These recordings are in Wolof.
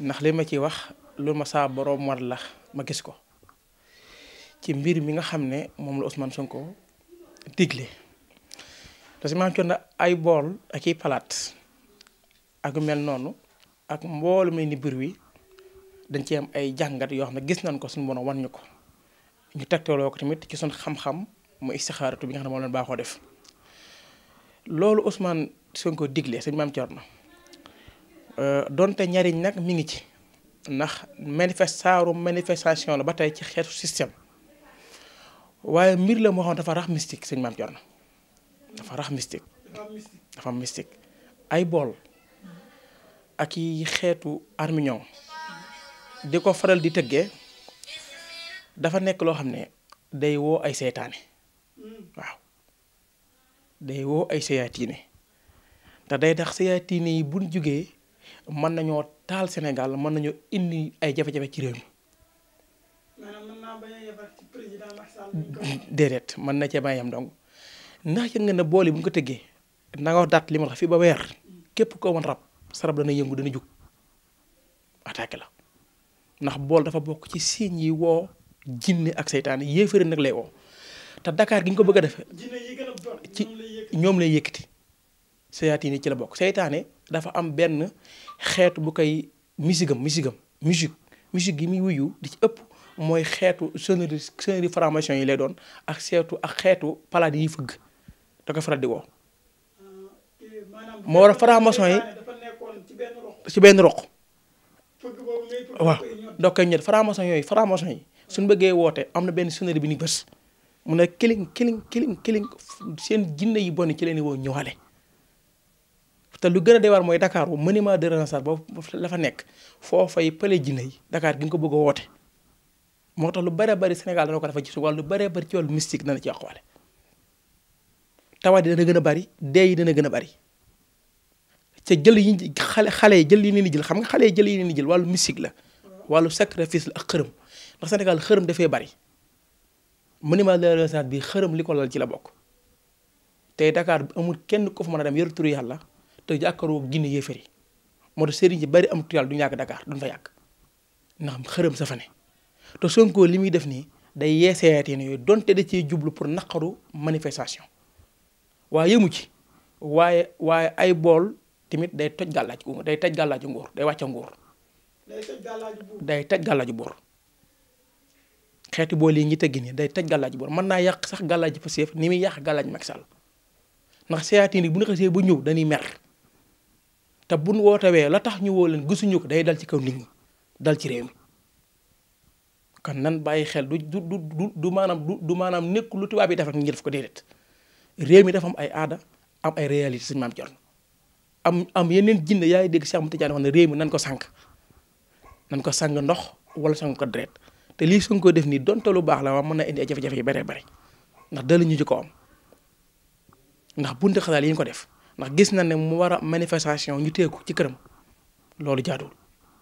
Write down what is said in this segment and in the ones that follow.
ndax li ma ci wax lu ma saa boroom war la ma gis ko ci mbir mi nga xam ne moom la Ousmane Sonko digle te si maanaam coono ay bool ak palaat ak mel noonu ak mboolu mel ni biir wi dañ ci am ay jàngat yoo xam ne gis nañ ko suñu borom wan ñu ko ñu tegtaloo ko tamit ci suñu xam-xam mu bi nga xam ne moom baaxoo def loolu Ousmane Sonko digle sëñ maam na Euh, donte ñariñ nag mu ngi ci ndax manifestaaru manifestation la ba tey ci xeetu système waaye mbir la moo xam dafa rax mystique sëñ maam Thierno dafa rax mystique. dafa mystique ay bool ak yi xeetu armignon di ko faral di tëggee dafa nekk loo xam ne day woo ay seytaane waaw day woo ay seytaane te day tax seytaane yi buñ jugee. man nañoo taal Sénégal man nañoo indi ay jafe-jafe ci réew mi. maanaam mën naa ci président Macky déedéet mën na cee bañ a ndax yëg nga ne bool yi bu ko tëggee na nga dat li ba weer képp ko woon rab sarab dana yëngu dana jug attaqué la ndax bool dafa bokk ci signe yi woo jinne ak seytaane yéefari nag lay woo te Dakar gi ñu ko bëgg a defee. yi ci ñoom lay yëkkati. seytaane ci la bokk seytaane dafa am benn xeetu bu koy misigam misigam musique musique yi muy wuyu di ci ëpp mooy xeetu sonnerie sonnerie formation yi lay doon ak seetu ak xeetu palaat yi fëgg da ko faral di woo. moo yi ci benn roq. waaw doo koy ñett formation yooyu formation yi suñu bëggee woote am na benn sonnerie bi ni bës mu ne kiling kiling kiling kiling seen jinne yi bon ci leen woo ñëwaale. te lu gëna déwar moy Dakar wu monument de renaissance boobu la fa nek fofu ay pële jiné Dakar gi nga ko bëgg woté woote tax lu bari bari Sénégal dañ ko dafa ci wala lu bari bëri ci wàllu mystique dañ ci xolé tawadi yi dana gën a bëri yi dana gëna bari bëri te jël yi xale xale jël yi ni jël xam nga xale jël yi ni jël walu mystique la walu sacrifice la xërëm ndax Sénégal xërëm dafay bari monument de renaissance bi xërëm liko ko lal ci la bok tey Dakar amul kenn ko fa mëna dem yor turu yàlla te jakaro guiné yéféri mo do sérigne bari am tuyal du ñak Dakar duñ fa yak ndax xërem sa fa ne te Sonko li def ni day yeeseete ne yooyu donte da ci djublu pour nakaru manifestation wa yëmu ci waye waye ay bol timit day toj ko day toj galaj ngor day wàcca ngor day toj galaj buur xéti bolé ñi tégg ni day toj galaj buur man na yak sax fa Pastef ni mi yak galaj maksal ndax ni bu ñu xé bu ñew dañuy mer bu te woo tawee la tax ñu woo leen gisuñu ko day dal ci kaw nit ñi dal ci réew mi kan nan bàyyi xel du du du du maanaam du du maanaam nekk lu tubaab yi def rek ñu ko déedéet réew mi dafa am ay aada am ay réalité suñu maam ci am am yeneen jinne yaa ngi dégg Cheikh Moussa Diagne wax réew mi nan ko sànq nan ko sànq ndox wala sànq ko deret te lii suñ koo def nii donte lu baax la waa mën na indi ay jafe-jafe yu bëree bëri ndax dalañu ci ko am ndax bunte xalaat yi ñu ko def. ndax gis na ne mu war a manifestation ñu téye ko ci këram loolu jaaduwul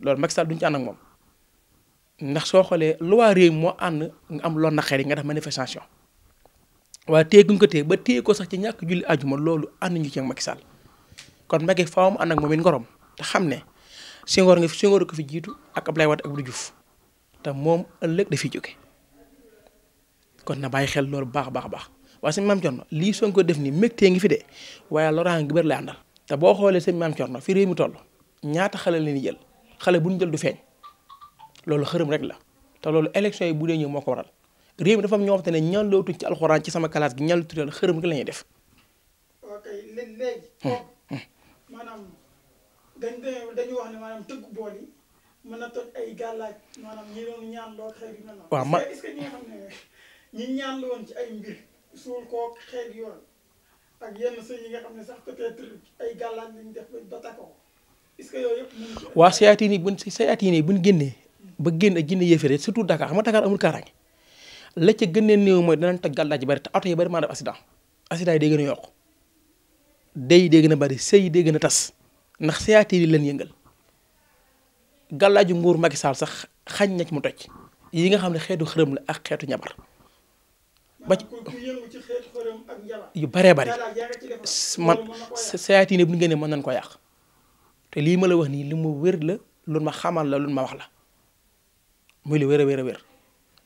loolu Macky Sall duñ ci ànd ak moom ndax soo xoolee loi réew moo ànd nga am loolu naqari nga def manifestation waaye téye guñ ko téye ba téye ko sax ci ñàkk julli ajuma loolu ànd ñu ci ak Macky kon Macky faaw mu ànd ak moom it ngorom te xam ne Senghor nga fi Senghor ko fi jiitu ak ab lay Wade ak Abdou juf te moom ëllëg dafay jóge kon na bàyyi xel loolu baax baax baax. waaye sëñ maam Thierno lii Sonko def nii mbégtee ngi fi de waaye loraan gi bëri la àndal te boo xoolee sëñ maam Thierno fi réew mi toll ñaata xale la ñuy jël xale bu jël du feeñ loolu xërëm rek la te loolu élection yi bu dee ñëw moo ko waral réew mi ñaan lootuñ ci alxuraan ci sama classe gi ñaan tuddal xërëm rek la ñuy def. ok léegi. Hmm. maanaam dañ dañu wax mën na toj ay gàllaaj maanaam ñi ñaan loo xëy ci ay mbir. suul koo xeeg yoon ak yenn sëy yi nga xam ne ba takkoo est-ce que yi buñ sayaatiin surtout Dakar xam nga Dakar amul kaaraange la ca gën néew mooy danañ toj gàllaaj ji bari te oto yi bari maa def accident accident yi day gën a yokk day day gën a bari sëy day gën a tas ndax sayaatiin yi leen yëngal gàllaaju nguur Macky Sall sax xañ nañ ci mu toj yi nga xam ne xeetu xërëm la ak xeetu ñabar ba ci yu bëree bëri man sayaatiin bu ñu gënee mën nañ ko yàq te lii ma la wax nii li ma wér la lu ma xamal la lu ma wax la muy lu wér a wér a wér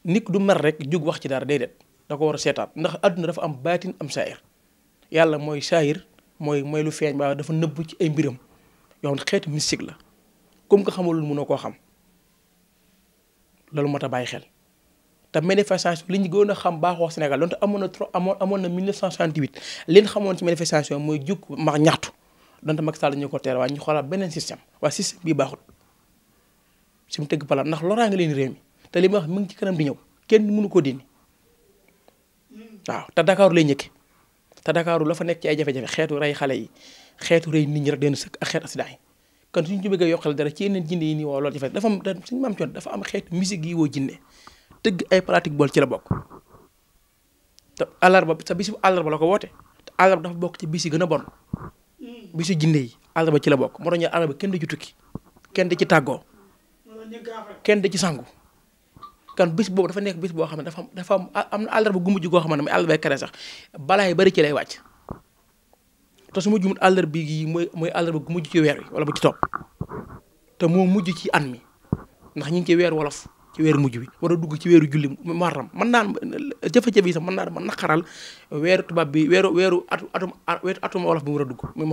nit du mer rek jug wax ci dara déedéet da ko war a seetaat ndax àdduna dafa am baatin am saayir yàlla mooy saayir mooy mooy lu feeñ ba dafa nëbb ci ay mbiram yow xeetu mystique la comme ko xamul mënoo koo xam loolu moo tax bàyyi xel. te manifestation li ñu gën a xam baaxoo Sénégal donte amoon na trop amoon amoon na 1968 li ñu xamoon ci manifestation mooy jug ma ñaxtu donte Macky Sall ñu ko teel waaye ñu xoolaat beneen système waaye système bii baaxul si mu tëgg palaam ndax loraa nga leen réew mi te li ma wax mi ngi ci kanam di ñëw kenn mënu ko dindi waaw te Dakar lay ñëkke te Dakar la fa nekk ci ay jafe-jafe xeetu rey xale yi xeetu rey nit ñi rek deen sëkk ak xeetu accident yi kon suñu ci bëggee yokkal dara ci yeneen jinne yi nii woo loolu jafe dafa am suñu maam coon dafa am xeetu musique yi woo jinne tëgg ay pratique bool ci la bokk te àllarba sa bisu àllarba la ko woote te àllarba dafa bokk ci bis yi gën a bon bisu jinde yi àllarba ci la bokk moo tax ñu àllarba kenn ci tukki kenn di ci tàggoo kenn di ci sangu kan bis boobu dafa nekk bis boo xam ne dafa dafa am na àllarba gumu mujj goo xam ne mooy àllarba kere sax balaa yi bëri ci lay wàcc te su ma jumut àllarba gi mooy mooy àllarba gumu mujj ci weer wi wala bu ci topp te moo mujj ci an mi ndax ñu ngi ci weer wolof ci weeru mujj bi war a dugg ci weeru julli maram mën naan jafe-jafe yi sax mën naa dama naqaral weeru bi weeru weeru atu atum weeru mu war a dugg muy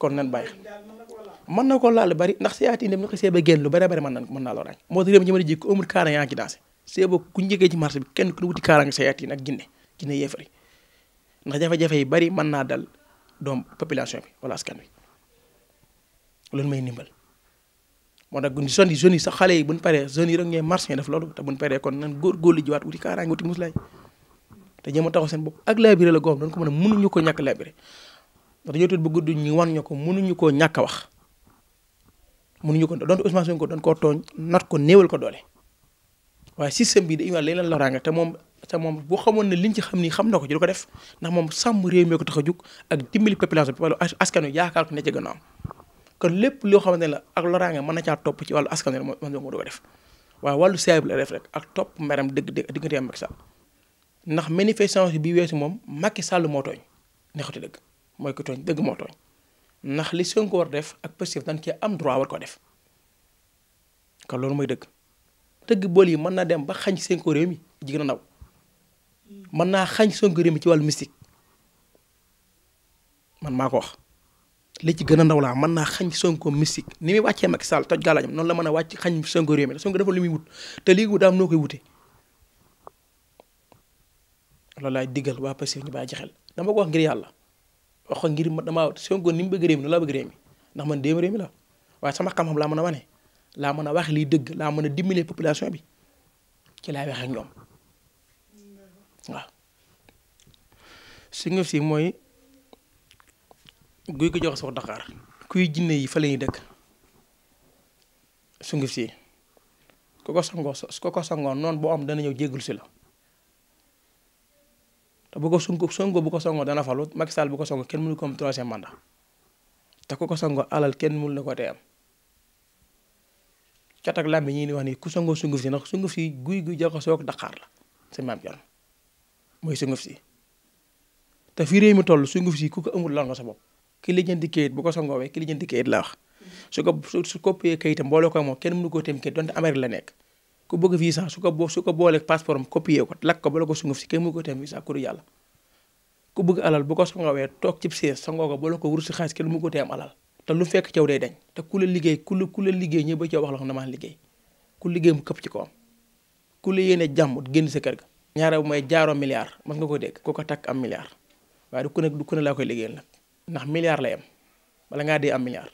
kon nan bàyyi mën na ko laal bari ndax siyaati dem ñu ko seeba génn lu bari bari mën na mën naa loo raañ moo tax réew mi ci mën a jikko amul kaara yaa ngi ci dansé seeba ku njëkkee ci marché bi kenn ku wuti kaara nga siyaati ndax jafe-jafe yi bari mën naa dal doom population bi wala askan wi loolu may ndimbal moo tax jeunes yi jeunes yi sax xale yi buñ paree jeunes yi rek ñooy marché def loolu te buñ paree kon nan góorgóorlu jiwaat wuti kaaraange wuti muslaay te jéem a taxaw seen bopp ak labiré la goom doon mën a mënuñu ko ñàkk labiré ndax dañoo tudd bu gudd ñu wan ñu ko mënuñu koo ñàkk a wax mënuñu ko doonte Ousmane Sonko doon koo tooñ not ko néewal ko doole waaye système bi dañuy wax leneen loraanga te moom te moom boo xamoon ne liñ ci xam nii xam na ko ci du ko def ndax moom sàmm réew mi ko tax a jug ak dimbali population bi wala askan wi yaakaar ko ne ci gannaaw kon lépp loo xamante ne la ak loraange mën na caa topp ci wàllu askan wi man moo doon def waaye wàllu saa bi la def rek ak topp meram dëgg dëgg diggante am Macky Sall ndax bi weesu moom Macky Sall moo tooñ neexatu dëgg mooy dëgg moo ndax li Sonko war def ak Pastef dañ cee am droit war ko def kon loolu mooy dëgg dëgg bool yi mën naa dem ba xañ Sonko réew mi jigéen a ndaw mën naa xañ Sonko réew mi ci wàllu mystique man maa ko wax. li ci gën a ndaw laa mën naa xañ Sonko mystique ni muy wàccee Macky Sall toj gàllaajam noonu la mën a wàcc xañ Sonko réew mi Sonko dafa lu muy wut te lii wut daam noo koy wute diggal waa Pastef ñu bàyyi ci xel dama wax ngir yàlla wax ko ngir damaa Sonko ni mu bëgg réew mi noonu laa bëgg réew mi ndax man déem réew mi la waaye sama xam-xam laa mën a wane laa mën a wax lii dëgg laa mën a dimbale population bi ci laa wax ak ñoom waaw si nga si mooy guy ko jox sox Dakar kuy yi fa la sunguf si ku ko sangoo ku ko sangoo noonu boo am dana ñëw jéggul si la songo bu ko sangoo dana falu Macky Sall bu ko sangoo kenn mënu ko am troisième te ku ko sangoo alal kenn mënu la ko tee am ñi ni wax ku sangoo sunguf si ndax sunguf si guy guy jox soog daqaar la si maam Thierno mooy sunguf si te fi réew mi toll sunguf si ku ko amul lan nga sa bopp ki lijjanti kayit bu ko songoowee ki lijjanti kayit la wax su ko su coppee kayitam boole ko moom kenn mënu koo téem kayit donte Amérique la nekk ku bëgg visa su ko boo su ko boolee passeport am copier ko lakk ko bala ko sunguf si kenn mënu koo téem visa ku du yàlla ku bëgg alal bu ko songoowee toog cib sees songoo ko bala ko wur si xaalis kenn mënu koo téem alal te lu fekk caw day dañ te ku la liggéey ku la ku la liggéey ñëw ba caw wax la ko damaa liggéey ku liggéey mu këpp ci kawam ku la yéene jàmm génn sa kër ga ñaara bu may jaaroo milliard mas nga ko dégg ku ko takk am milliard waaye du ku ne du ku ne laa koy liggéeyal nag ndax milliard lay am bala ngaa dee am milliard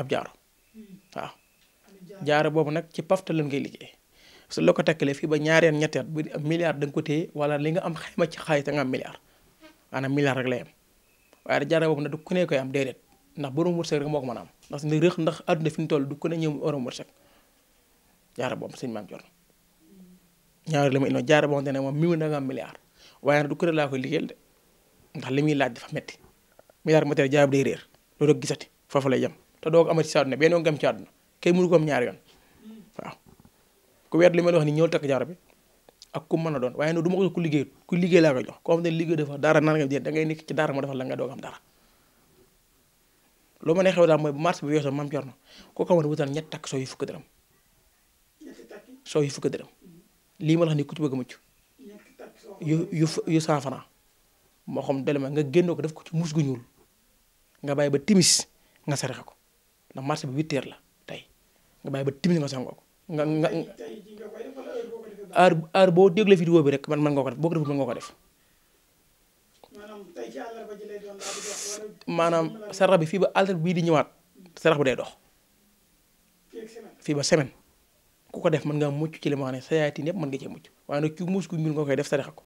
ab jaaro waaw jaaro boobu nag ci pafta lan ngay liggéey su loo ko takkalee fii ba ñaareel ñetteel bu am milliard da nga ko téye wala li nga am xayma ci xaalis da nga am milliard maanaam milliard rek lay am waaye jaaro boobu nag du ku ne koy am ndax borom wërsëg moo ko mën a am ndax suñu rëx ndax àdduna fi ñu toll du ku ne ñëw borom boobu sëñ maam Dior la ma indoon jaaro boo xamante ne moom nga milliard waaye nag du ku ne laa koy liggéeyal de ndax li muy laaj dafa metti milliard matériel jaayab day réer loolu ak gisati foofu lay yem te doo ko amati ci àdduna benn yoon nga am ci àdduna kay mënu ko am ñaari yoon waaw ku weer li ma la wax ni ñëw takk jaaro bi ak ku mën a doon waaye nag du ma ko jox ku liggéey ku liggéey laa ko jox koo xam ne liggéey dara naan nga da ngay nekk ci dara ma defal la nga doog am dara lu ma ne xew daal mooy mars bi weesoo maam na koo xamante wutal ñett takk soo yu fukki dërëm soo yu fukki dërëm lii ma la wax ni ku ci yu yu yu mo xam délai ma nga génnoo ko def ko ci mus gu nga bàyyi ba timis nga sarax ko na marché bi 8h la tay nga bàyyi ba timis nga sangoko ko nga nga ar heure boo déglee vidéo bi rek man man ngoko def boo ko defee mën nga def. manam sarax bi fi ba alter bi di ñewat sarax bi day dox fi ba semaine ku ko def man nga muccu ci limane ma ñep man nga ci muccu waaye ci muus nga koy def sarax ko